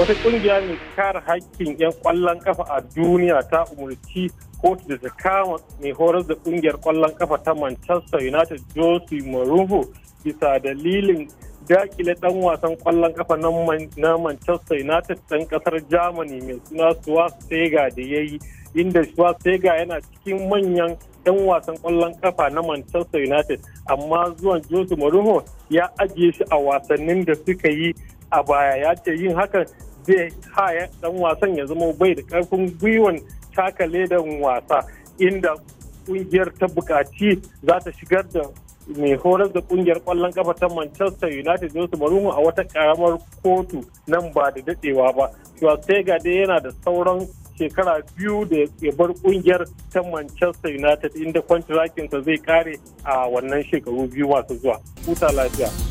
wata kungiya mai kare hakkin 'yan ƙwallon kafa a duniya ta umarci kotu da ta kama mai horar da kungiyar kwallon kafa ta manchester united jose mourinho bisa dalilin dakile dan wasan ƙwallon kafa na manchester united ɗan ƙasar germany mai suna swastega da ya yi inda swastega yana cikin manyan 'yan wasan kwallon kafa na Manchester United amma zuwan Jose Mourinho ya ajiye shi a wasannin da suka yi a baya ya ce yin hakan zai haya dan wasan ya zama bai da karfin gwiwan taka ledan wasa inda kungiyar ta bukaci za ta shigar da mai horar da kungiyar kwallon kafa ta Manchester United Jose Mourinho a wata karamar kotu nan ba da dadewa ba. Schwarzenegger dai yana da sauran shekara biyu da ya bar kungiyar ta Manchester United inda kwantirakinsa zai kare a wannan shekaru biyu masu zuwa. Huta lafiya.